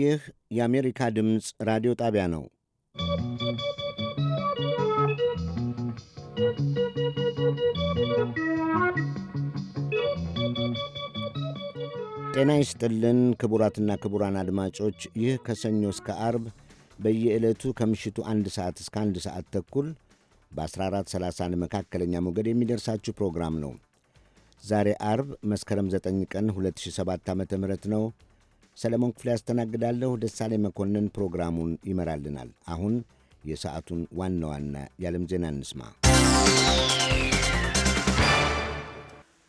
ይህ የአሜሪካ ድምፅ ራዲዮ ጣቢያ ነው። ጤና ይስጥልን ክቡራትና ክቡራን አድማጮች ይህ ከሰኞ እስከ አርብ በየዕለቱ ከምሽቱ አንድ ሰዓት እስከ አንድ ሰዓት ተኩል በ1430 መካከለኛ ሞገድ የሚደርሳችሁ ፕሮግራም ነው። ዛሬ አርብ መስከረም 9 ቀን 2007 ዓ ም ነው። ሰለሞን ክፍሌ ያስተናግዳለሁ። ደሳሌ መኮንን ፕሮግራሙን ይመራልናል። አሁን የሰዓቱን ዋና ዋና የዓለም ዜና እንስማ።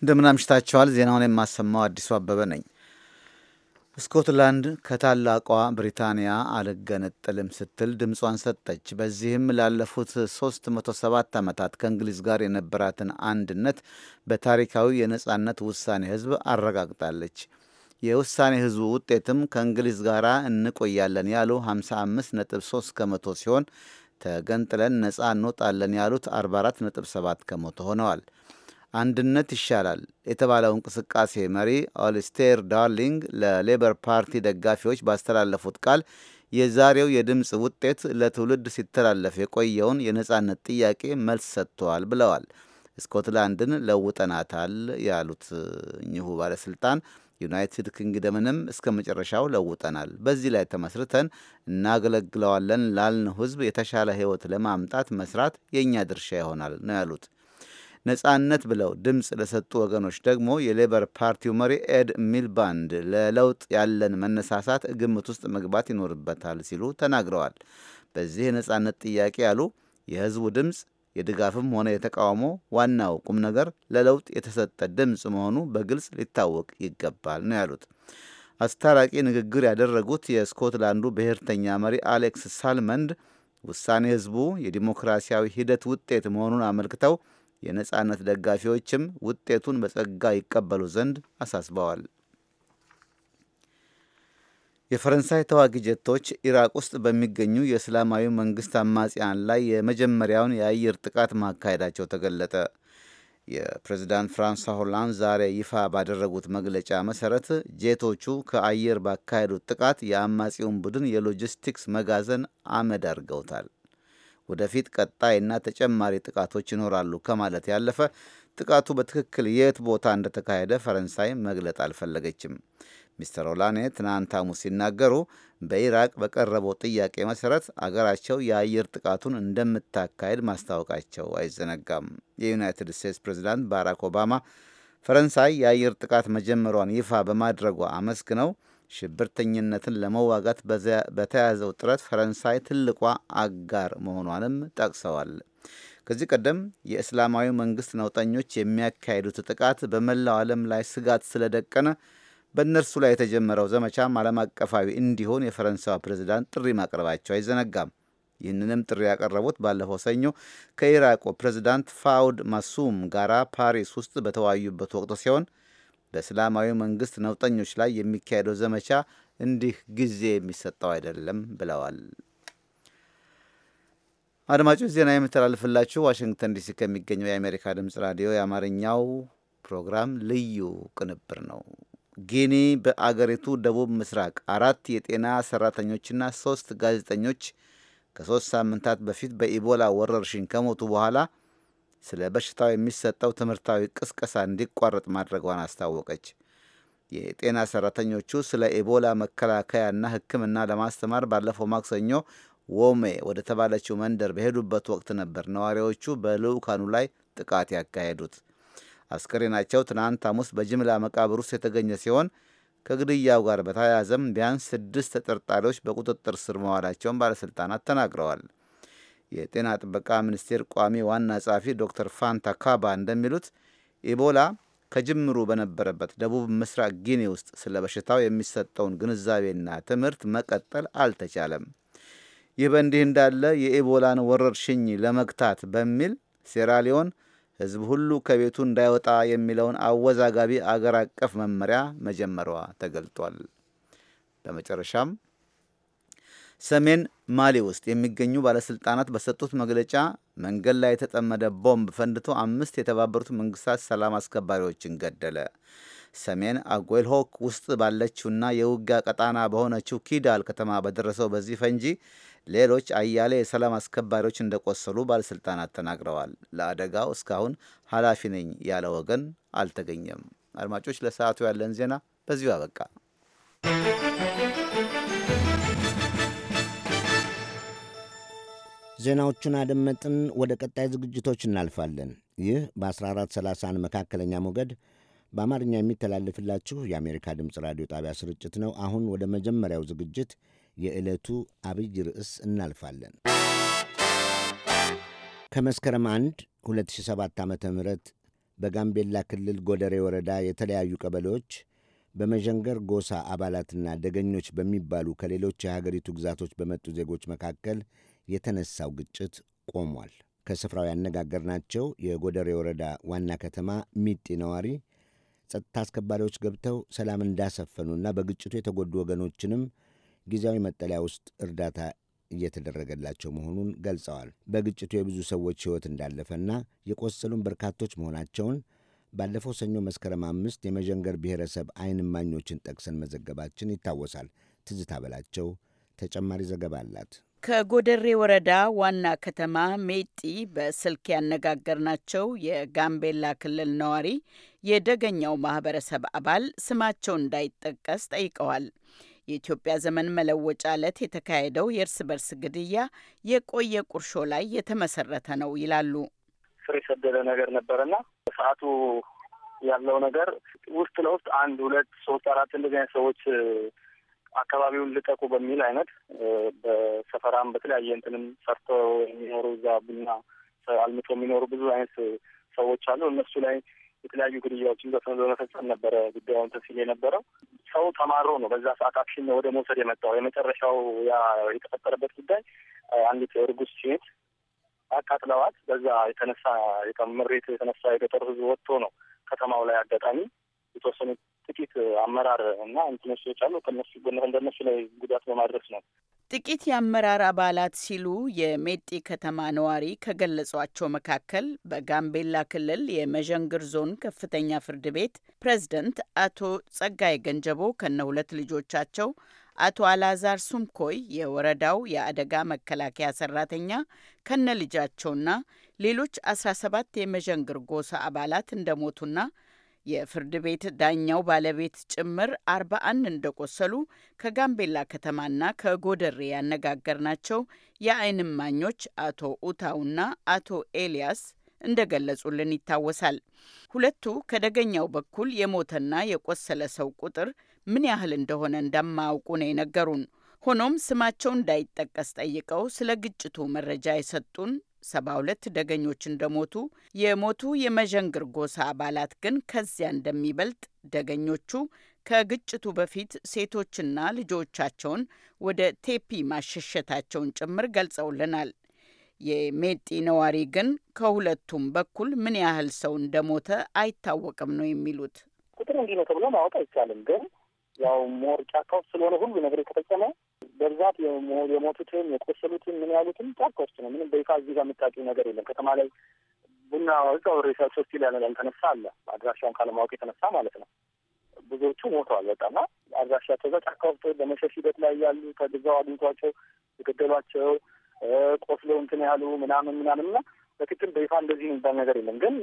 እንደምን አምሽታችኋል። ዜናውን የማሰማው አዲሱ አበበ ነኝ። ስኮትላንድ ከታላቋ ብሪታንያ አልገነጥልም ስትል ድምጿን ሰጠች። በዚህም ላለፉት 307 ዓመታት ከእንግሊዝ ጋር የነበራትን አንድነት በታሪካዊ የነጻነት ውሳኔ ህዝብ አረጋግጣለች። የውሳኔ ህዝቡ ውጤትም ከእንግሊዝ ጋር እንቆያለን ያሉ 55.3 ከመቶ ሲሆን ተገንጥለን ነጻ እንወጣለን ያሉት 44.7 ከመቶ ሆነዋል። አንድነት ይሻላል የተባለው እንቅስቃሴ መሪ ኦልስቴር ዳርሊንግ ለሌበር ፓርቲ ደጋፊዎች ባስተላለፉት ቃል የዛሬው የድምፅ ውጤት ለትውልድ ሲተላለፍ የቆየውን የነጻነት ጥያቄ መልስ ሰጥተዋል ብለዋል። ስኮትላንድን ለውጠናታል ያሉት እኚሁ ባለስልጣን ዩናይትድ ኪንግደምንም እስከ መጨረሻው ለውጠናል። በዚህ ላይ ተመስርተን እናገለግለዋለን ላልን ሕዝብ የተሻለ ሕይወት ለማምጣት መስራት የእኛ ድርሻ ይሆናል ነው ያሉት። ነጻነት ብለው ድምፅ ለሰጡ ወገኖች ደግሞ የሌበር ፓርቲው መሪ ኤድ ሚልባንድ ለለውጥ ያለን መነሳሳት ግምት ውስጥ መግባት ይኖርበታል ሲሉ ተናግረዋል። በዚህ የነጻነት ጥያቄ ያሉ የህዝቡ ድምፅ የድጋፍም ሆነ የተቃውሞ ዋናው ቁም ነገር ለለውጥ የተሰጠ ድምፅ መሆኑ በግልጽ ሊታወቅ ይገባል ነው ያሉት። አስታራቂ ንግግር ያደረጉት የስኮትላንዱ ብሔርተኛ መሪ አሌክስ ሳልመንድ ውሳኔ ህዝቡ የዲሞክራሲያዊ ሂደት ውጤት መሆኑን አመልክተው የነጻነት ደጋፊዎችም ውጤቱን በጸጋ ይቀበሉ ዘንድ አሳስበዋል። የፈረንሳይ ተዋጊ ጀቶች ኢራቅ ውስጥ በሚገኙ የእስላማዊ መንግስት አማጽያን ላይ የመጀመሪያውን የአየር ጥቃት ማካሄዳቸው ተገለጠ። የፕሬዚዳንት ፍራንሷ ሆላንድ ዛሬ ይፋ ባደረጉት መግለጫ መሰረት ጄቶቹ ከአየር ባካሄዱት ጥቃት የአማጺውን ቡድን የሎጂስቲክስ መጋዘን አመድ አድርገውታል። ወደፊት ቀጣይና ተጨማሪ ጥቃቶች ይኖራሉ ከማለት ያለፈ ጥቃቱ በትክክል የት ቦታ እንደተካሄደ ፈረንሳይ መግለጥ አልፈለገችም። ሚስተር ኦላኔ ትናንት ሐሙስ ሲናገሩ በኢራቅ በቀረበው ጥያቄ መሠረት አገራቸው የአየር ጥቃቱን እንደምታካሄድ ማስታወቃቸው አይዘነጋም። የዩናይትድ ስቴትስ ፕሬዚዳንት ባራክ ኦባማ ፈረንሳይ የአየር ጥቃት መጀመሯን ይፋ በማድረጓ አመስግነው ሽብርተኝነትን ለመዋጋት በተያዘው ጥረት ፈረንሳይ ትልቋ አጋር መሆኗንም ጠቅሰዋል። ከዚህ ቀደም የእስላማዊ መንግስት ነውጠኞች የሚያካሂዱት ጥቃት በመላው ዓለም ላይ ስጋት ስለደቀነ በእነርሱ ላይ የተጀመረው ዘመቻም ዓለም አቀፋዊ እንዲሆን የፈረንሳዩ ፕሬዚዳንት ጥሪ ማቅረባቸው አይዘነጋም። ይህንንም ጥሪ ያቀረቡት ባለፈው ሰኞ ከኢራቁ ፕሬዚዳንት ፋውድ ማሱም ጋራ ፓሪስ ውስጥ በተወያዩበት ወቅት ሲሆን በእስላማዊ መንግስት ነውጠኞች ላይ የሚካሄደው ዘመቻ እንዲህ ጊዜ የሚሰጠው አይደለም ብለዋል። አድማጮች ዜና የምተላልፍላችሁ ዋሽንግተን ዲሲ ከሚገኘው የአሜሪካ ድምፅ ራዲዮ የአማርኛው ፕሮግራም ልዩ ቅንብር ነው። ጊኒ በአገሪቱ ደቡብ ምስራቅ አራት የጤና ሰራተኞችና ሶስት ጋዜጠኞች ከሶስት ሳምንታት በፊት በኢቦላ ወረርሽኝ ከሞቱ በኋላ ስለ በሽታው የሚሰጠው ትምህርታዊ ቅስቀሳ እንዲቋረጥ ማድረጓን አስታወቀች። የጤና ሰራተኞቹ ስለ ኢቦላ መከላከያና ሕክምና ለማስተማር ባለፈው ማክሰኞ ወሜ ወደ ተባለችው መንደር በሄዱበት ወቅት ነበር ነዋሪዎቹ በልዑካኑ ላይ ጥቃት ያካሄዱት። አስከሬናቸው ትናንት ሐሙስ በጅምላ መቃብር ውስጥ የተገኘ ሲሆን ከግድያው ጋር በተያያዘም ቢያንስ ስድስት ተጠርጣሪዎች በቁጥጥር ስር መዋላቸውን ባለሥልጣናት ተናግረዋል። የጤና ጥበቃ ሚኒስቴር ቋሚ ዋና ጸሐፊ ዶክተር ፋንታ ካባ እንደሚሉት ኢቦላ ከጅምሩ በነበረበት ደቡብ ምስራቅ ጊኒ ውስጥ ስለ በሽታው የሚሰጠውን ግንዛቤና ትምህርት መቀጠል አልተቻለም። ይህ በእንዲህ እንዳለ የኢቦላን ወረርሽኝ ለመግታት በሚል ሴራሊዮን ሕዝብ ሁሉ ከቤቱ እንዳይወጣ የሚለውን አወዛጋቢ አገር አቀፍ መመሪያ መጀመሯ ተገልጧል። በመጨረሻም ሰሜን ማሊ ውስጥ የሚገኙ ባለስልጣናት በሰጡት መግለጫ መንገድ ላይ የተጠመደ ቦምብ ፈንድቶ አምስት የተባበሩት መንግስታት ሰላም አስከባሪዎችን ገደለ። ሰሜን አጎልሆክ ውስጥ ባለችውና የውጊያ ቀጣና በሆነችው ኪዳል ከተማ በደረሰው በዚህ ፈንጂ ሌሎች አያሌ የሰላም አስከባሪዎች እንደቆሰሉ ባለስልጣናት ተናግረዋል። ለአደጋው እስካሁን ኃላፊ ነኝ ያለ ወገን አልተገኘም። አድማጮች፣ ለሰዓቱ ያለን ዜና በዚሁ አበቃ። ዜናዎቹን አደመጥን። ወደ ቀጣይ ዝግጅቶች እናልፋለን። ይህ በ 1430 መካከለኛ ሞገድ በአማርኛ የሚተላለፍላችሁ የአሜሪካ ድምፅ ራዲዮ ጣቢያ ስርጭት ነው። አሁን ወደ መጀመሪያው ዝግጅት የዕለቱ አብይ ርዕስ እናልፋለን። ከመስከረም 1 2007 ዓ ም በጋምቤላ ክልል ጎደሬ ወረዳ የተለያዩ ቀበሌዎች በመዠንገር ጎሳ አባላትና ደገኞች በሚባሉ ከሌሎች የሀገሪቱ ግዛቶች በመጡ ዜጎች መካከል የተነሳው ግጭት ቆሟል። ከስፍራው ያነጋገርናቸው የጎደሬ ወረዳ ዋና ከተማ ሚጢ ነዋሪ ጸጥታ አስከባሪዎች ገብተው ሰላም እንዳሰፈኑና በግጭቱ የተጎዱ ወገኖችንም ጊዜያዊ መጠለያ ውስጥ እርዳታ እየተደረገላቸው መሆኑን ገልጸዋል። በግጭቱ የብዙ ሰዎች ሕይወት እንዳለፈና የቆሰሉን በርካቶች መሆናቸውን ባለፈው ሰኞ መስከረም አምስት የመዠንገር ብሔረሰብ ዓይን እማኞችን ጠቅሰን መዘገባችን ይታወሳል። ትዝታ በላቸው ተጨማሪ ዘገባ አላት። ከጎደሬ ወረዳ ዋና ከተማ ሜጢ በስልክ ያነጋገርናቸው የጋምቤላ ክልል ነዋሪ የደገኛው ማህበረሰብ አባል ስማቸው እንዳይጠቀስ ጠይቀዋል። የኢትዮጵያ ዘመን መለወጫ ዕለት የተካሄደው የእርስ በርስ ግድያ የቆየ ቁርሾ ላይ የተመሰረተ ነው ይላሉ። ስር የሰደደ ነገር ነበረና በሰዓቱ ያለው ነገር ውስጥ ለውስጥ አንድ ሁለት ሶስት አራት እንደዚህ አይነት ሰዎች አካባቢውን ልቀቁ በሚል አይነት በሰፈራም በተለያየ እንትንም ሰርቶ የሚኖሩ እዛ ቡና አልምቶ የሚኖሩ ብዙ አይነት ሰዎች አሉ። እነሱ ላይ የተለያዩ ግድያዎችን በመፈጸም ነበረ ጉዳዩን ተሲል የነበረው ሰው ተማሮ ነው በዛ ሰዓት አክሽን ወደ መውሰድ የመጣው። የመጨረሻው ያ የተፈጠረበት ጉዳይ አንዲት እርጉዝ ሴት አቃጥለዋት በዛ የተነሳ ምሬት የተነሳ የገጠር ህዝብ ወጥቶ ነው ከተማው ላይ አጋጣሚ የተወሰኑ ጥቂት አመራር እና እንትኖች አሉ ከነሱ ጎነት እንደነሱ ላይ ጉዳት በማድረስ ነው። ጥቂት የአመራር አባላት ሲሉ የሜጢ ከተማ ነዋሪ ከገለጿቸው መካከል በጋምቤላ ክልል የመዠንግር ዞን ከፍተኛ ፍርድ ቤት ፕሬዝደንት አቶ ጸጋይ ገንጀቦ ከነ ሁለት ልጆቻቸው አቶ አላዛር ሱምኮይ የወረዳው የአደጋ መከላከያ ሰራተኛ ከነ ልጃቸውና ሌሎች 17 የመዠንግር ጎሳ አባላት እንደሞቱና የፍርድ ቤት ዳኛው ባለቤት ጭምር አርባ አንድ እንደቆሰሉ ከጋምቤላ ከተማና ከጎደሬ ያነጋገርናቸው የዓይን እማኞች አቶ ኡታውና አቶ ኤልያስ እንደገለጹልን ይታወሳል። ሁለቱ ከደገኛው በኩል የሞተና የቆሰለ ሰው ቁጥር ምን ያህል እንደሆነ እንደማያውቁ ነው የነገሩን። ሆኖም ስማቸው እንዳይጠቀስ ጠይቀው ስለ ግጭቱ መረጃ የሰጡን ሰባ ሁለት ደገኞች እንደሞቱ፣ የሞቱ የመዠንግር ጎሳ አባላት ግን ከዚያ እንደሚበልጥ ደገኞቹ ከግጭቱ በፊት ሴቶችና ልጆቻቸውን ወደ ቴፒ ማሸሸታቸውን ጭምር ገልጸውልናል። የሜጢ ነዋሪ ግን ከሁለቱም በኩል ምን ያህል ሰው እንደሞተ አይታወቅም ነው የሚሉት። ቁጥር እንዲህ ነው ተብሎ ማወቅ አይቻልም። ግን ያው ሞር ጫካ ስለሆነ ሁሉ ነገር የተፈጸመ በብዛት የሞቱትም የቆሰሉትም ምን ያሉትም ጫካ ውስጥ ነው። ምንም በይፋ እዚህ ጋር የምታውቂው ነገር የለም። ከተማ ላይ ቡና እዛው ሬሳ ሶስት ሊያነላ የተነሳ አለ። አድራሻውን ካለማወቅ የተነሳ ማለት ነው። ብዙዎቹ ሞተዋል። በጣም አድራሻ ተዛ ጫካ ውስጥ በመሸሽ ሂደት ላይ ያሉ ከግዛው አግኝቷቸው የገደሏቸው ቆስለው እንትን ያሉ ምናምን ምናምን እና በትክክል በይፋ እንደዚህ የሚባል ነገር የለም። ግን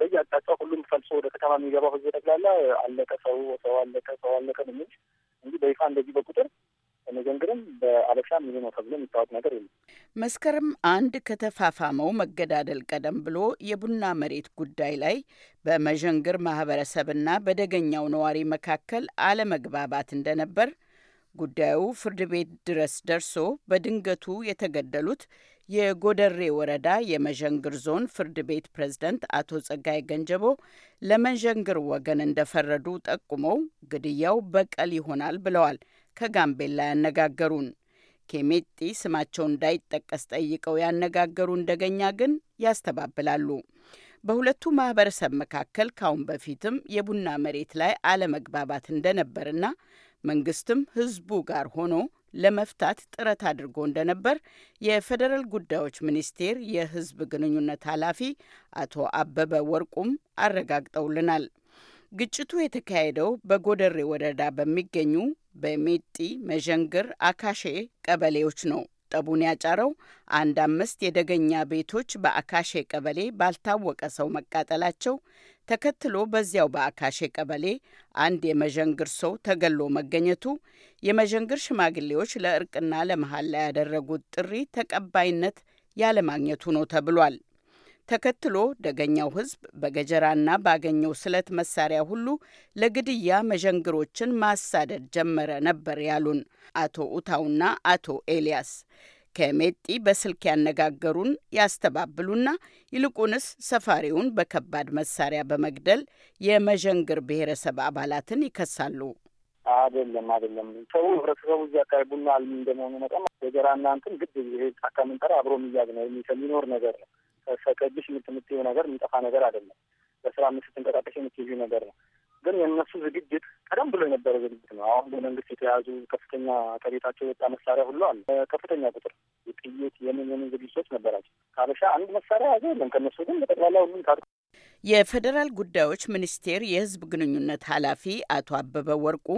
በየአቅጣጫው ሁሉም ፈልሶ ወደ ከተማ የሚገባው ህዝብ ጠቅላላ አለቀ። ሰው ሰው አለቀ፣ ሰው አለቀ ነው እንጂ በይፋ እንደዚህ በቁጥር መጀንግርም በአለሻም ይሄ ነው ተብሎ የሚታወቅ ነገር የለም። መስከረም አንድ ከተፋፋመው መገዳደል ቀደም ብሎ የቡና መሬት ጉዳይ ላይ በመዠንግር ማህበረሰብና በደገኛው ነዋሪ መካከል አለመግባባት እንደነበር ጉዳዩ ፍርድ ቤት ድረስ ደርሶ በድንገቱ የተገደሉት የጎደሬ ወረዳ የመዠንግር ዞን ፍርድ ቤት ፕሬዝደንት አቶ ጸጋይ ገንጀቦ ለመዠንግር ወገን እንደፈረዱ ጠቁመው ግድያው በቀል ይሆናል ብለዋል። ከጋምቤላ ያነጋገሩን። ኬሜጢ ስማቸው እንዳይጠቀስ ጠይቀው ያነጋገሩ እንደገኛ ግን ያስተባብላሉ። በሁለቱ ማህበረሰብ መካከል ካሁን በፊትም የቡና መሬት ላይ አለመግባባት እንደነበርና መንግስትም ህዝቡ ጋር ሆኖ ለመፍታት ጥረት አድርጎ እንደነበር የፌዴራል ጉዳዮች ሚኒስቴር የህዝብ ግንኙነት ኃላፊ አቶ አበበ ወርቁም አረጋግጠውልናል። ግጭቱ የተካሄደው በጎደሬ ወረዳ በሚገኙ በሜጢ መዠንግር፣ አካሼ ቀበሌዎች ነው። ጠቡን ያጫረው አንድ አምስት የደገኛ ቤቶች በአካሼ ቀበሌ ባልታወቀ ሰው መቃጠላቸው ተከትሎ በዚያው በአካሼ ቀበሌ አንድ የመዠንግር ሰው ተገሎ መገኘቱ የመዠንግር ሽማግሌዎች ለእርቅና ለመሐላ ያደረጉት ጥሪ ተቀባይነት ያለማግኘቱ ነው ተብሏል። ተከትሎ ደገኛው ህዝብ በገጀራና ባገኘው ስለት መሳሪያ ሁሉ ለግድያ መዠንግሮችን ማሳደድ ጀመረ ነበር ያሉን አቶ ኡታውና አቶ ኤልያስ። ከሜጢ በስልክ ያነጋገሩን ያስተባብሉና ይልቁንስ ሰፋሪውን በከባድ መሳሪያ በመግደል የመዠንግር ብሔረሰብ አባላትን ይከሳሉ። አይደለም አይደለም፣ ሰው ህብረተሰቡ እዚህ አካባቢ ቡና አልሚ እንደመሆኑ መጠን ገጀራ እናንትን ግድ ጫካ ምንጠራ አብሮ የሚያዝ ነው የሚሰ ሊኖር ነገር ነው ፈቀድሽ የምትምትይው ነገር የሚጠፋ ነገር አይደለም። በስራ ምስት እንቀሳቀሽ የምትይዙ ነገር ነው። ግን የእነሱ ዝግጅት ቀደም ብሎ የነበረ ዝግጅት ነው። አሁን በመንግስት የተያዙ ከፍተኛ ከቤታቸው የወጣ መሳሪያ ሁሉ አለ። ከፍተኛ ቁጥር የጥይት የምን የምን ዝግጅቶች ነበራቸው። ካበሻ አንድ መሳሪያ ያዘ የለም። ከእነሱ ግን በጠቅላላ ሁሉም ታር የፌዴራል ጉዳዮች ሚኒስቴር የህዝብ ግንኙነት ኃላፊ አቶ አበበ ወርቁ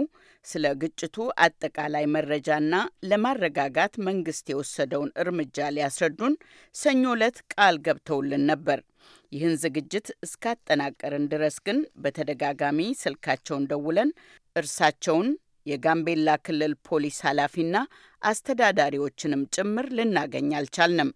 ስለ ግጭቱ አጠቃላይ መረጃና ለማረጋጋት መንግስት የወሰደውን እርምጃ ሊያስረዱን ሰኞ ዕለት ቃል ገብተውልን ነበር። ይህን ዝግጅት እስካጠናቀርን ድረስ ግን በተደጋጋሚ ስልካቸውን ደውለን እርሳቸውን የጋምቤላ ክልል ፖሊስ ኃላፊና አስተዳዳሪዎችንም ጭምር ልናገኝ አልቻልንም።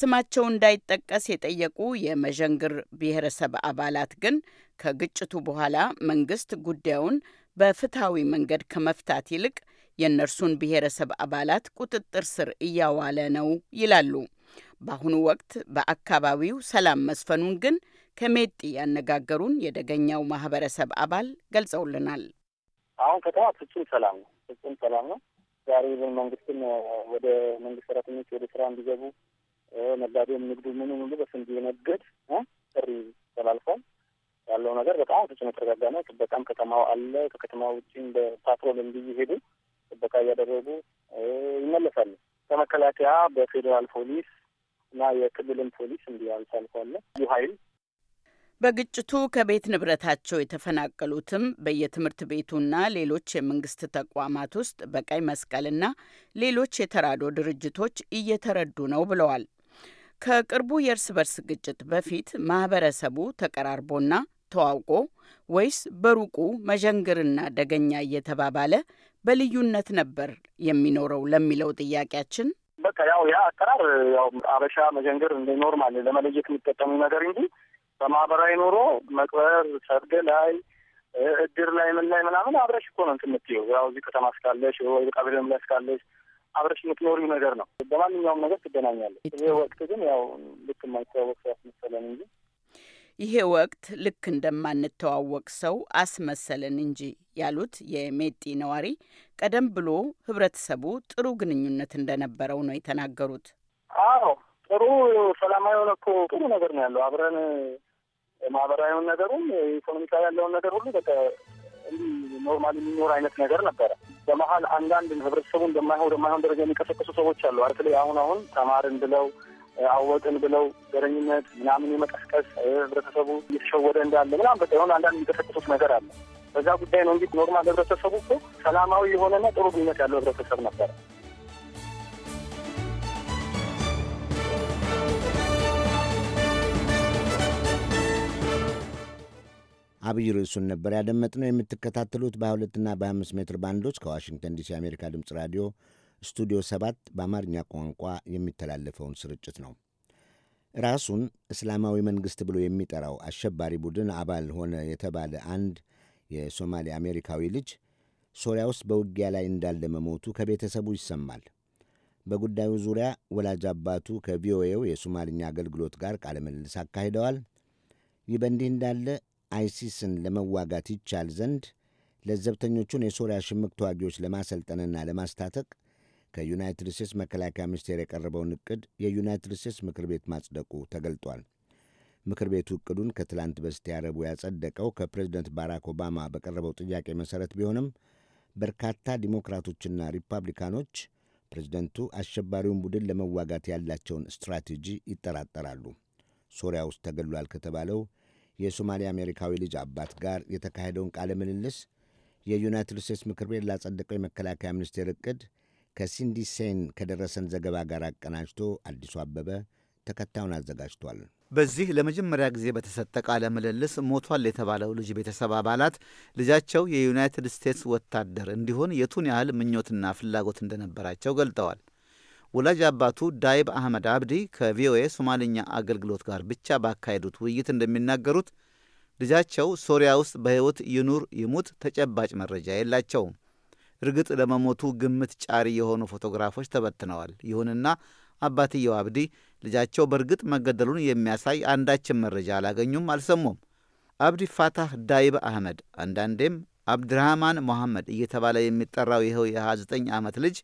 ስማቸው እንዳይጠቀስ የጠየቁ የመዠንግር ብሔረሰብ አባላት ግን ከግጭቱ በኋላ መንግስት ጉዳዩን በፍትሐዊ መንገድ ከመፍታት ይልቅ የእነርሱን ብሔረሰብ አባላት ቁጥጥር ስር እያዋለ ነው ይላሉ። በአሁኑ ወቅት በአካባቢው ሰላም መስፈኑን ግን ከሜጢ ያነጋገሩን የደገኛው ማህበረሰብ አባል ገልጸውልናል። አሁን ከተማ ፍጹም ሰላም ነው፣ ፍጹም ሰላም ነው። ዛሬ ግን መንግስትም ወደ መንግስት ሰራተኞች ወደ ስራ እንዲገቡ ነጋዴም፣ ንግዱ፣ ምኑ ሁሉ በስ እንዲነግድ ጥሪ ተላልፏል። ያለው ነገር በጣም ፍጹም የተረጋጋ ነው። ጥበቃም ከተማው አለ። ከከተማ ውጭም በፓትሮል እንዲሄዱ ጥበቃ እያደረጉ ይመለሳሉ። ከመከላከያ በፌዴራል ፖሊስ እና የክልልን ፖሊስ እንዲህ አልፎ አልፎ በግጭቱ ከቤት ንብረታቸው የተፈናቀሉትም በየትምህርት ቤቱና ሌሎች የመንግስት ተቋማት ውስጥ በቀይ መስቀልና ሌሎች የተራዶ ድርጅቶች እየተረዱ ነው ብለዋል። ከቅርቡ የእርስ በርስ ግጭት በፊት ማህበረሰቡ ተቀራርቦና ተዋውቆ ወይስ በሩቁ መዠንግርና ደገኛ እየተባባለ በልዩነት ነበር የሚኖረው ለሚለው ጥያቄያችን በቃ ያው ያ አቀራር ያው አበሻ መጀንገር እንደ ኖርማል ለመለየት የሚጠቀሙ ነገር እንጂ በማህበራዊ ኑሮ መቅበር፣ ሰርግ ላይ፣ እድር ላይ፣ ምን ላይ ምናምን አብረሽ እኮ ነው እንትን የምትይው ያው እዚህ ከተማ እስካለሽ ወይ ቃቤለም ላይ እስካለሽ አብረሽ የምትኖሪው ነገር ነው። በማንኛውም ነገር ትገናኛለች። ይህ ወቅት ግን ያው ልክ የማይተዋወቅ ሰዓት መሰለን እንጂ ይሄ ወቅት ልክ እንደማንተዋወቅ ሰው አስመሰልን እንጂ ያሉት የሜጢ ነዋሪ ቀደም ብሎ ህብረተሰቡ ጥሩ ግንኙነት እንደነበረው ነው የተናገሩት። አዎ ጥሩ ሰላማዊ የሆነ እኮ ጥሩ ነገር ነው ያለው። አብረን ማህበራዊውን ነገሩም ኢኮኖሚካዊ ያለውን ነገር ሁሉ በቃ ኖርማል የሚኖር አይነት ነገር ነበረ። በመሀል አንዳንድ ህብረተሰቡ እንደማይሆን ወደማይሆን ደረጃ የሚቀሰቀሱ ሰዎች አሉ። አርት አሁን አሁን ተማርን ብለው አወቅን ብለው ዘረኝነት ምናምን የመቀስቀስ ህብረተሰቡ እየተሸወደ እንዳለ ምናምን በቃ የሆነ አንዳንድ የሚቀሰቅሱት ነገር አለ። በዛ ጉዳይ ነው እንግዲህ ኖርማል ህብረተሰቡ እኮ ሰላማዊ የሆነና ጥሩ ግንኙነት ያለው ህብረተሰብ ነበረ። አብይ ርዕሱን ነበር ያደመጥነው። የምትከታተሉት በ22ና በ25 ሜትር ባንዶች ከዋሽንግተን ዲሲ የአሜሪካ ድምፅ ራዲዮ ስቱዲዮ ሰባት በአማርኛ ቋንቋ የሚተላለፈውን ስርጭት ነው። ራሱን እስላማዊ መንግሥት ብሎ የሚጠራው አሸባሪ ቡድን አባል ሆነ የተባለ አንድ የሶማሌ አሜሪካዊ ልጅ ሶሪያ ውስጥ በውጊያ ላይ እንዳለ መሞቱ ከቤተሰቡ ይሰማል። በጉዳዩ ዙሪያ ወላጅ አባቱ ከቪኦኤው የሶማልኛ አገልግሎት ጋር ቃለ ምልልስ አካሂደዋል። ይህ በእንዲህ እንዳለ አይሲስን ለመዋጋት ይቻል ዘንድ ለዘብተኞቹን የሶሪያ ሽምቅ ተዋጊዎች ለማሰልጠንና ለማስታጠቅ ከዩናይትድ ስቴትስ መከላከያ ሚኒስቴር የቀረበውን እቅድ የዩናይትድ ስቴትስ ምክር ቤት ማጽደቁ ተገልጧል። ምክር ቤቱ እቅዱን ከትላንት በስቲያ ረቡዕ ያጸደቀው ከፕሬዝደንት ባራክ ኦባማ በቀረበው ጥያቄ መሠረት ቢሆንም በርካታ ዲሞክራቶችና ሪፐብሊካኖች ፕሬዝደንቱ አሸባሪውን ቡድን ለመዋጋት ያላቸውን ስትራቴጂ ይጠራጠራሉ። ሶሪያ ውስጥ ተገሏል ከተባለው የሶማሌ አሜሪካዊ ልጅ አባት ጋር የተካሄደውን ቃለ ምልልስ የዩናይትድ ስቴትስ ምክር ቤት ላጸደቀው የመከላከያ ሚኒስቴር እቅድ ከሲንዲሴን ከደረሰን ዘገባ ጋር አቀናጅቶ አዲሱ አበበ ተከታዩን አዘጋጅቷል። በዚህ ለመጀመሪያ ጊዜ በተሰጠ ቃለ ምልልስ ሞቷል የተባለው ልጅ ቤተሰብ አባላት ልጃቸው የዩናይትድ ስቴትስ ወታደር እንዲሆን የቱን ያህል ምኞትና ፍላጎት እንደነበራቸው ገልጠዋል። ወላጅ አባቱ ዳይብ አህመድ አብዲ ከቪኦኤ ሶማልኛ አገልግሎት ጋር ብቻ ባካሄዱት ውይይት እንደሚናገሩት ልጃቸው ሶሪያ ውስጥ በሕይወት ይኑር ይሙት ተጨባጭ መረጃ የላቸውም። እርግጥ ለመሞቱ ግምት ጫሪ የሆኑ ፎቶግራፎች ተበትነዋል። ይሁንና አባትየው አብዲ ልጃቸው በእርግጥ መገደሉን የሚያሳይ አንዳችን መረጃ አላገኙም፣ አልሰሙም። አብዲ ፋታህ ዳይብ አህመድ አንዳንዴም አብድራህማን ሞሐመድ እየተባለ የሚጠራው ይኸው የ29 ዓመት ልጅ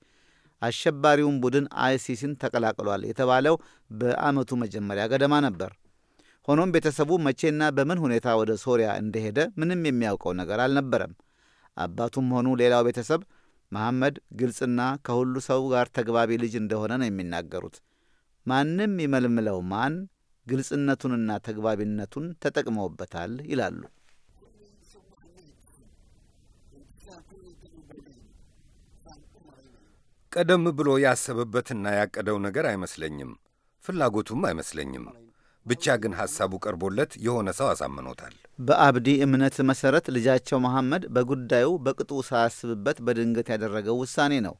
አሸባሪውን ቡድን አይሲስን ተቀላቅሏል የተባለው በዓመቱ መጀመሪያ ገደማ ነበር። ሆኖም ቤተሰቡ መቼና በምን ሁኔታ ወደ ሶሪያ እንደሄደ ምንም የሚያውቀው ነገር አልነበረም። አባቱም ሆኑ ሌላው ቤተሰብ መሐመድ ግልጽና ከሁሉ ሰው ጋር ተግባቢ ልጅ እንደሆነ ነው የሚናገሩት። ማንም ይመልምለው ማን ግልጽነቱንና ተግባቢነቱን ተጠቅመውበታል ይላሉ። ቀደም ብሎ ያሰበበትና ያቀደው ነገር አይመስለኝም፣ ፍላጎቱም አይመስለኝም። ብቻ ግን ሐሳቡ ቀርቦለት የሆነ ሰው አሳምኖታል። በአብዲ እምነት መሠረት ልጃቸው መሐመድ በጉዳዩ በቅጡ ሳያስብበት በድንገት ያደረገው ውሳኔ ነው።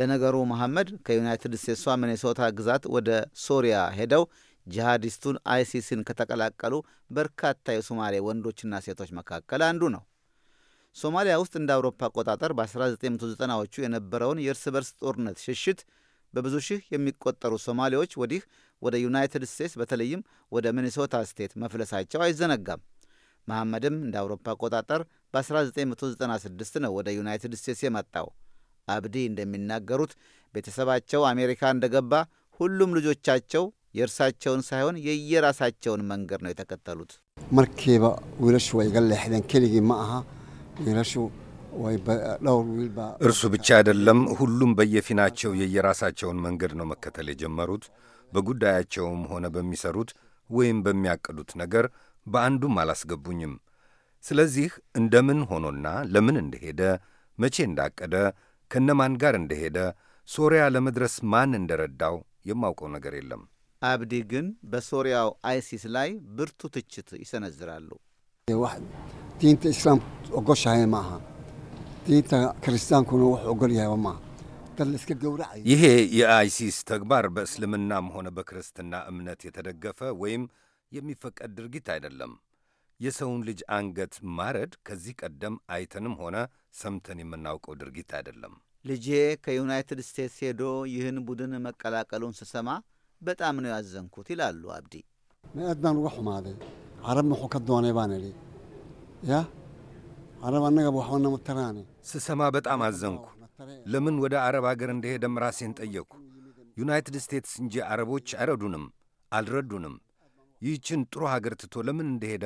ለነገሩ መሐመድ ከዩናይትድ ስቴትሷ ሚኔሶታ ግዛት ወደ ሶሪያ ሄደው ጂሃዲስቱን አይሲስን ከተቀላቀሉ በርካታ የሶማሌ ወንዶችና ሴቶች መካከል አንዱ ነው። ሶማሊያ ውስጥ እንደ አውሮፓ አቆጣጠር በ1990ዎቹ የነበረውን የእርስ በርስ ጦርነት ሽሽት በብዙ ሺህ የሚቆጠሩ ሶማሌዎች ወዲህ ወደ ዩናይትድ ስቴትስ በተለይም ወደ ሚኒሶታ ስቴት መፍለሳቸው አይዘነጋም። መሐመድም እንደ አውሮፓ አቆጣጠር በ1996 ነው ወደ ዩናይትድ ስቴትስ የመጣው። አብዲ እንደሚናገሩት ቤተሰባቸው አሜሪካ እንደገባ ሁሉም ልጆቻቸው የእርሳቸውን ሳይሆን የየራሳቸውን መንገድ ነው የተከተሉት። መርኬባ ዊለሽ ወይገለሕደን ከሊጊ ማአሃ እርሱ ብቻ አይደለም፣ ሁሉም በየፊናቸው የየራሳቸውን መንገድ ነው መከተል የጀመሩት። በጉዳያቸውም ሆነ በሚሰሩት ወይም በሚያቅዱት ነገር በአንዱም አላስገቡኝም። ስለዚህ እንደምን ሆኖና ለምን እንደሄደ መቼ እንዳቀደ ከነማን ጋር እንደሄደ ሶሪያ ለመድረስ ማን እንደረዳው የማውቀው ነገር የለም። አብዲ ግን በሶሪያው አይሲስ ላይ ብርቱ ትችት ይሰነዝራሉ። diinta kristaankuna wax ogol yahay ma ይሄ የአይሲስ ተግባር በእስልምናም ሆነ በክርስትና እምነት የተደገፈ ወይም የሚፈቀድ ድርጊት አይደለም። የሰውን ልጅ አንገት ማረድ ከዚህ ቀደም አይተንም ሆነ ሰምተን የምናውቀው ድርጊት አይደለም። ልጄ ከዩናይትድ ስቴትስ ሄዶ ይህን ቡድን መቀላቀሉን ስሰማ በጣም ነው ያዘንኩት ይላሉ አብዲ ስሰማ በጣም አዘንኩ። ለምን ወደ አረብ አገር እንደሄደም ራሴን ጠየቅኩ። ዩናይትድ ስቴትስ እንጂ አረቦች አይረዱንም፣ አልረዱንም። ይህችን ጥሩ ሀገር ትቶ ለምን እንደሄደ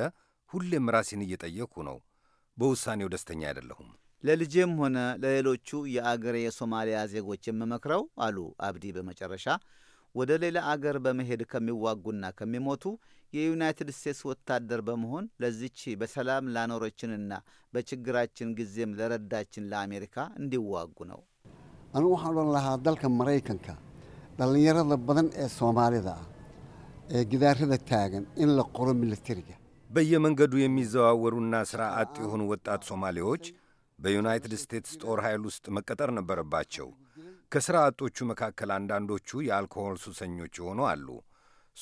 ሁሌም ራሴን እየጠየቅኩ ነው። በውሳኔው ደስተኛ አይደለሁም። ለልጄም ሆነ ለሌሎቹ የአገሬ የሶማሊያ ዜጎች የምመክረው አሉ አብዲ በመጨረሻ ወደ ሌላ አገር በመሄድ ከሚዋጉና ከሚሞቱ የዩናይትድ ስቴትስ ወታደር በመሆን ለዚች በሰላም ላኖረችንና በችግራችን ጊዜም ለረዳችን ለአሜሪካ እንዲዋጉ ነው። አኑ waxaan odhan ላሃ ደልከ maraykanka dhallinyarada በደን ኤ soomaalida ኤ ee ታያገን ኢን ለቆሮ la በየመንገዱ የሚዘዋወሩና ሥራ አጥ የሆኑ ወጣት ሶማሌዎች በዩናይትድ ስቴትስ ጦር ኃይል ውስጥ መቀጠር ነበረባቸው። ከሥራ አጦቹ መካከል አንዳንዶቹ የአልኮሆል ሱሰኞች የሆኑ አሉ።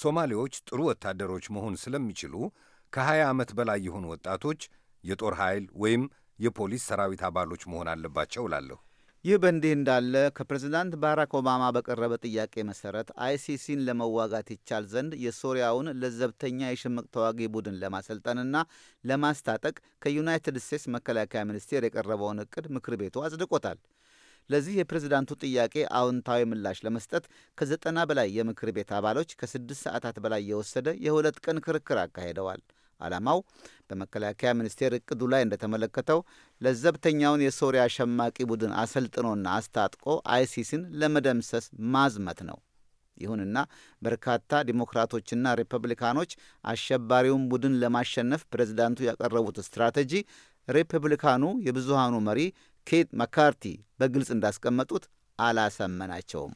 ሶማሌዎች ጥሩ ወታደሮች መሆን ስለሚችሉ ከ20 ዓመት በላይ የሆኑ ወጣቶች የጦር ኃይል ወይም የፖሊስ ሰራዊት አባሎች መሆን አለባቸው እላለሁ። ይህ በእንዲህ እንዳለ ከፕሬዝዳንት ባራክ ኦባማ በቀረበ ጥያቄ መሰረት አይሲሲን ለመዋጋት ይቻል ዘንድ የሶሪያውን ለዘብተኛ የሽምቅ ተዋጊ ቡድን ለማሰልጠንና ለማስታጠቅ ከዩናይትድ ስቴትስ መከላከያ ሚኒስቴር የቀረበውን እቅድ ምክር ቤቱ አጽድቆታል። ለዚህ የፕሬዝዳንቱ ጥያቄ አዎንታዊ ምላሽ ለመስጠት ከዘጠና በላይ የምክር ቤት አባሎች ከስድስት ሰዓታት በላይ የወሰደ የሁለት ቀን ክርክር አካሂደዋል። ዓላማው በመከላከያ ሚኒስቴር እቅዱ ላይ እንደተመለከተው ለዘብተኛውን የሶሪያ ሸማቂ ቡድን አሰልጥኖና አስታጥቆ አይሲስን ለመደምሰስ ማዝመት ነው። ይሁንና በርካታ ዲሞክራቶችና ሪፐብሊካኖች አሸባሪውን ቡድን ለማሸነፍ ፕሬዝዳንቱ ያቀረቡት ስትራቴጂ ሪፐብሊካኑ የብዙሃኑ መሪ ኬት መካርቲ በግልጽ እንዳስቀመጡት አላሰመናቸውም።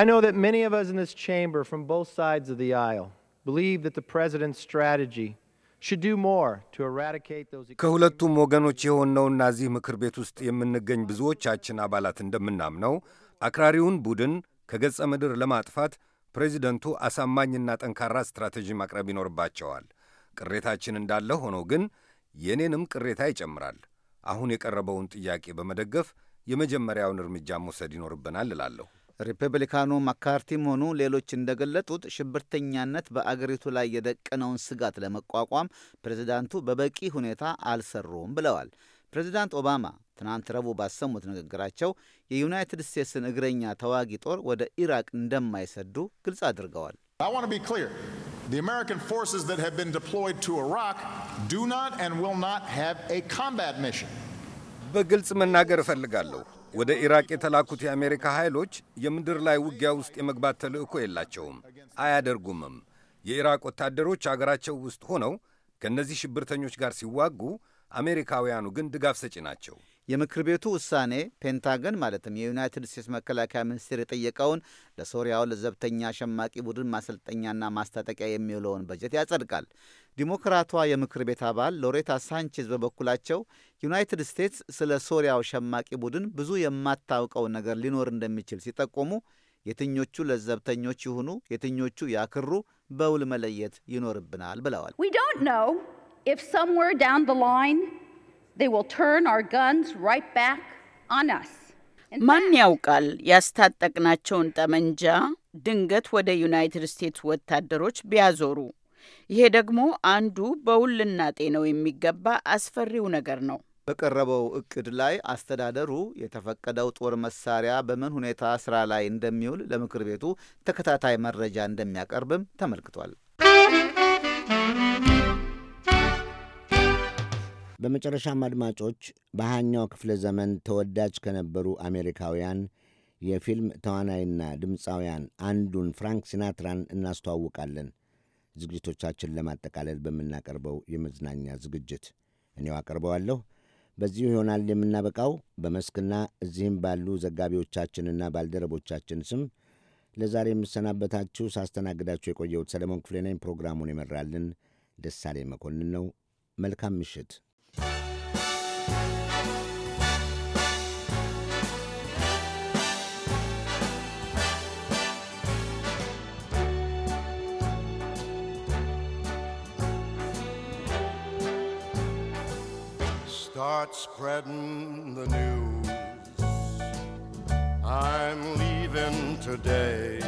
I know that many of us in this chamber from both sides of the aisle believe that the president's strategy should do more to eradicate those ከሁለቱም ወገኖች የሆነውና እዚህ ምክር ቤት ውስጥ የምንገኝ ብዙዎቻችን አባላት እንደምናምነው አክራሪውን ቡድን ከገጸ ምድር ለማጥፋት ፕሬዚደንቱ አሳማኝና ጠንካራ ስትራቴጂ ማቅረብ ይኖርባቸዋል። ቅሬታችን እንዳለ ሆኖ ግን የእኔንም ቅሬታ ይጨምራል። አሁን የቀረበውን ጥያቄ በመደገፍ የመጀመሪያውን እርምጃ መውሰድ ይኖርብናል እላለሁ። ሪፐብሊካኑ ማካርቲ ሆኑ ሌሎች እንደገለጡት ሽብርተኛነት በአገሪቱ ላይ የደቀነውን ስጋት ለመቋቋም ፕሬዚዳንቱ በበቂ ሁኔታ አልሰሩም ብለዋል። ፕሬዚዳንት ኦባማ ትናንት ረቡዕ ባሰሙት ንግግራቸው የዩናይትድ ስቴትስን እግረኛ ተዋጊ ጦር ወደ ኢራቅ እንደማይሰዱ ግልጽ አድርገዋል። the American forces that have been deployed to Iraq do not and will not have a combat mission. በግልጽ መናገር እፈልጋለሁ። ወደ ኢራቅ የተላኩት የአሜሪካ ኃይሎች የምድር ላይ ውጊያ ውስጥ የመግባት ተልእኮ የላቸውም፣ አያደርጉምም። የኢራቅ ወታደሮች አገራቸው ውስጥ ሆነው ከእነዚህ ሽብርተኞች ጋር ሲዋጉ፣ አሜሪካውያኑ ግን ድጋፍ ሰጪ ናቸው። የምክር ቤቱ ውሳኔ ፔንታገን ማለትም የዩናይትድ ስቴትስ መከላከያ ሚኒስቴር የጠየቀውን ለሶሪያው ለዘብተኛ ሸማቂ ቡድን ማሰልጠኛና ማስታጠቂያ የሚውለውን በጀት ያጸድቃል። ዲሞክራቷ የምክር ቤት አባል ሎሬታ ሳንቼዝ በበኩላቸው ዩናይትድ ስቴትስ ስለ ሶሪያው ሸማቂ ቡድን ብዙ የማታውቀው ነገር ሊኖር እንደሚችል ሲጠቆሙ የትኞቹ ለዘብተኞች ይሁኑ የትኞቹ ያክሩ በውል መለየት ይኖርብናል ብለዋል። ማን ያውቃል ያስታጠቅናቸውን ጠመንጃ ድንገት ወደ ዩናይትድ ስቴትስ ወታደሮች ቢያዞሩ። ይሄ ደግሞ አንዱ በውል ነው የሚገባ አስፈሪው ነገር ነው። በቀረበው እቅድ ላይ አስተዳደሩ የተፈቀደው ጦር መሳሪያ በምን ሁኔታ ስራ ላይ እንደሚውል ለምክር ቤቱ ተከታታይ መረጃ እንደሚያቀርብም ተመልክቷል። በመጨረሻም አድማጮች በሃያኛው ክፍለ ዘመን ተወዳጅ ከነበሩ አሜሪካውያን የፊልም ተዋናይና ድምፃውያን አንዱን ፍራንክ ሲናትራን እናስተዋውቃለን። ዝግጅቶቻችን ለማጠቃለል በምናቀርበው የመዝናኛ ዝግጅት እኔው አቀርበዋለሁ። በዚሁ ይሆናል የምናበቃው። በመስክና እዚህም ባሉ ዘጋቢዎቻችንና ባልደረቦቻችን ስም ለዛሬ የምሰናበታችሁ ሳስተናግዳችሁ የቆየሁት ሰለሞን ክፍሌ ነኝ። ፕሮግራሙን የመራልን ደሳሌ መኮንን ነው። መልካም ምሽት። start spreading the news. I'm leaving today.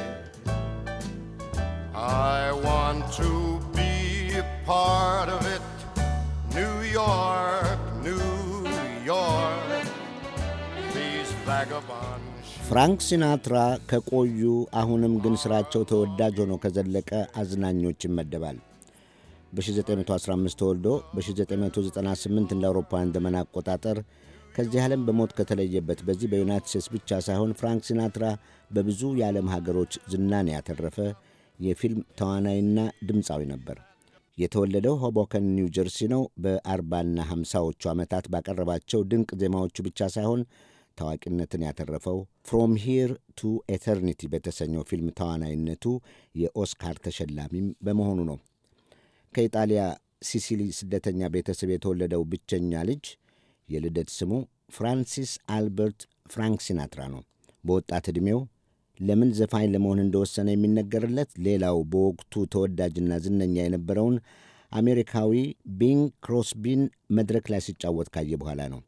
I want to be a part of it. New York, New York, these vagabonds. ፍራንክ ሲናትራ ከቆዩ አሁንም ግን ስራቸው ተወዳጅ ሆኖ ከዘለቀ አዝናኞች ይመደባል። በ1915 ተወልዶ በ1998 እንደ አውሮፓውያን ዘመን አቆጣጠር ከዚህ ዓለም በሞት ከተለየበት በዚህ በዩናይት ስቴትስ ብቻ ሳይሆን ፍራንክ ሲናትራ በብዙ የዓለም ሀገሮች ዝናን ያተረፈ የፊልም ተዋናይና ድምፃዊ ነበር። የተወለደው ሆቦከን ኒው ጀርሲ ነው። በአርባና ሃምሳዎቹ ዓመታት ባቀረባቸው ድንቅ ዜማዎቹ ብቻ ሳይሆን ታዋቂነትን ያተረፈው ፍሮም ሂር ቱ ኤተርኒቲ በተሰኘው ፊልም ተዋናይነቱ የኦስካር ተሸላሚም በመሆኑ ነው። ከኢጣሊያ ሲሲሊ ስደተኛ ቤተሰብ የተወለደው ብቸኛ ልጅ የልደት ስሙ ፍራንሲስ አልበርት ፍራንክ ሲናትራ ነው። በወጣት ዕድሜው ለምን ዘፋኝ ለመሆን እንደወሰነ የሚነገርለት ሌላው በወቅቱ ተወዳጅና ዝነኛ የነበረውን አሜሪካዊ ቢንግ ክሮስቢን መድረክ ላይ ሲጫወት ካየ በኋላ ነው።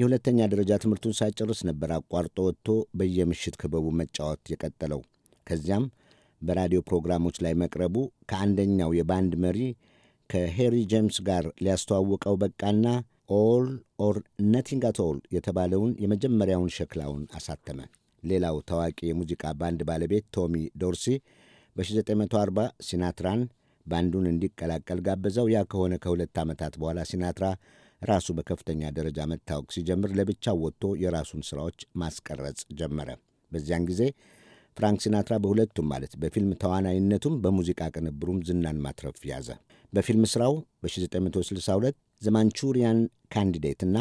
የሁለተኛ ደረጃ ትምህርቱን ሳይጨርስ ነበር አቋርጦ ወጥቶ በየምሽት ክበቡ መጫወት የቀጠለው። ከዚያም በራዲዮ ፕሮግራሞች ላይ መቅረቡ ከአንደኛው የባንድ መሪ ከሄሪ ጄምስ ጋር ሊያስተዋውቀው በቃና ኦል ኦር ነቲንግ አት ኦል የተባለውን የመጀመሪያውን ሸክላውን አሳተመ። ሌላው ታዋቂ የሙዚቃ ባንድ ባለቤት ቶሚ ዶርሲ በ1940 ሲናትራን ባንዱን እንዲቀላቀል ጋበዘው። ያ ከሆነ ከሁለት ዓመታት በኋላ ሲናትራ ራሱ በከፍተኛ ደረጃ መታወቅ ሲጀምር ለብቻው ወጥቶ የራሱን ሥራዎች ማስቀረጽ ጀመረ። በዚያን ጊዜ ፍራንክ ሲናትራ በሁለቱም ማለት በፊልም ተዋናይነቱም በሙዚቃ ቅንብሩም ዝናን ማትረፍ ያዘ። በፊልም ሥራው በ1962 ማንቹሪያን ካንዲዴት እና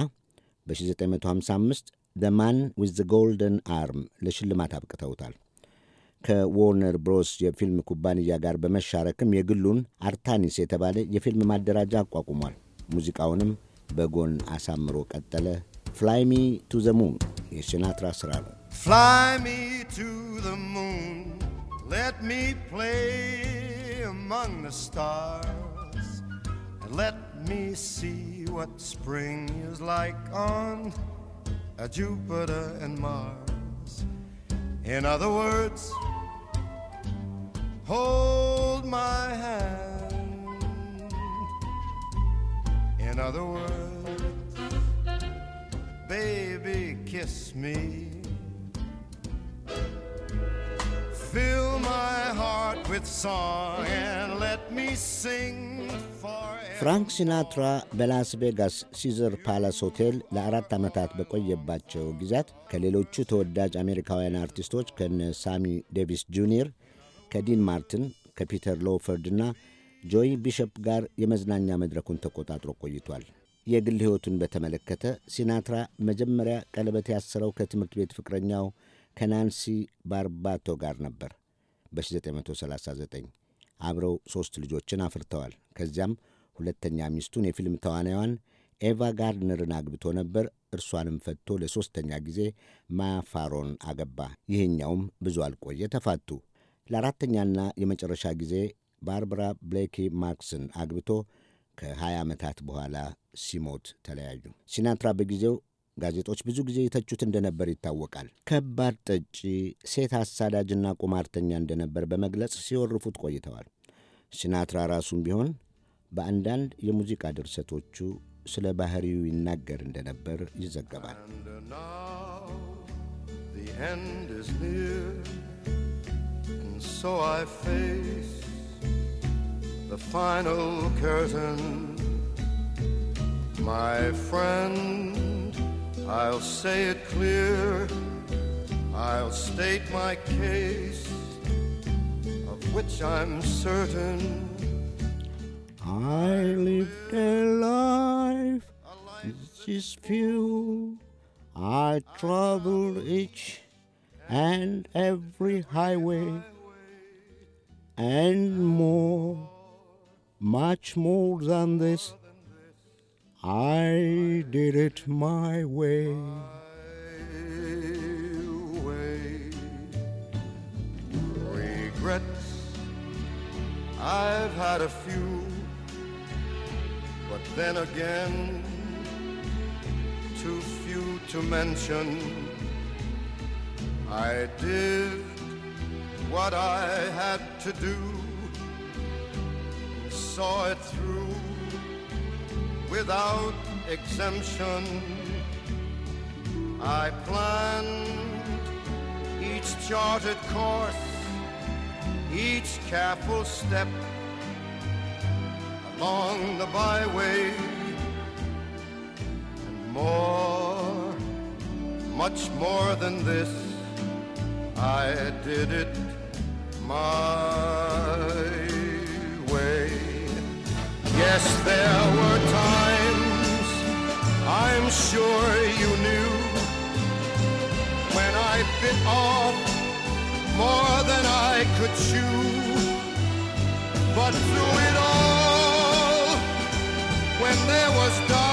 በ1955 ዘ ማን ዊዝ ዘ ጎልደን አርም ለሽልማት አብቅተውታል። ከዎርነር ብሮስ የፊልም ኩባንያ ጋር በመሻረክም የግሉን አርታኒስ የተባለ የፊልም ማደራጃ አቋቁሟል። ሙዚቃውንም በጎን አሳምሮ ቀጠለ። ፍላይሚ ቱ ዘ ሙን የሲናትራ ሥራ ነው። Fly me to the moon, let me play among the stars, and let me see what spring is like on Jupiter and Mars. In other words, hold my hand. In other words, baby, kiss me. Fill my heart with song and let me sing ፍራንክ ሲናትራ በላስ ቬጋስ ሲዘር ፓላስ ሆቴል ለአራት ዓመታት በቆየባቸው ጊዜያት ከሌሎቹ ተወዳጅ አሜሪካውያን አርቲስቶች ከነ ሳሚ ዴቪስ ጁኒየር፣ ከዲን ማርትን፣ ከፒተር ሎውፈርድ እና ጆይ ቢሸፕ ጋር የመዝናኛ መድረኩን ተቆጣጥሮ ቆይቷል። የግል ሕይወቱን በተመለከተ ሲናትራ መጀመሪያ ቀለበት ያሰረው ከትምህርት ቤት ፍቅረኛው ከናንሲ ባርባቶ ጋር ነበር። በ1939 አብረው ሦስት ልጆችን አፍርተዋል። ከዚያም ሁለተኛ ሚስቱን የፊልም ተዋናዋን ኤቫ ጋርድነርን አግብቶ ነበር። እርሷንም ፈቶ ለሦስተኛ ጊዜ ማያፋሮን አገባ። ይህኛውም ብዙ አልቆየ፣ ተፋቱ። ለአራተኛና የመጨረሻ ጊዜ ባርባራ ብሌኪ ማክስን አግብቶ ከ20 ዓመታት በኋላ ሲሞት ተለያዩ። ሲናትራ በጊዜው ጋዜጦች ብዙ ጊዜ ይተቹት እንደነበር ይታወቃል። ከባድ ጠጪ፣ ሴት አሳዳጅና ቁማርተኛ እንደነበር በመግለጽ ሲወርፉት ቆይተዋል። ሲናትራ ራሱም ቢሆን በአንዳንድ የሙዚቃ ድርሰቶቹ ስለ ባህሪው ይናገር እንደነበር ይዘገባል። My friend I'll say it clear, I'll state my case, of which I'm certain. I lived a life which is few. I traveled each and every highway and more, much more than this I did it my way. way. Regrets, I've had a few, but then again, too few to mention. I did what I had to do, saw it through without exemption. I planned each charted course, each careful step along the byway, and more, much more than this, I did it my way. Yes, there were. I'm sure you knew when I bit off more than I could chew. But through it all, when there was darkness.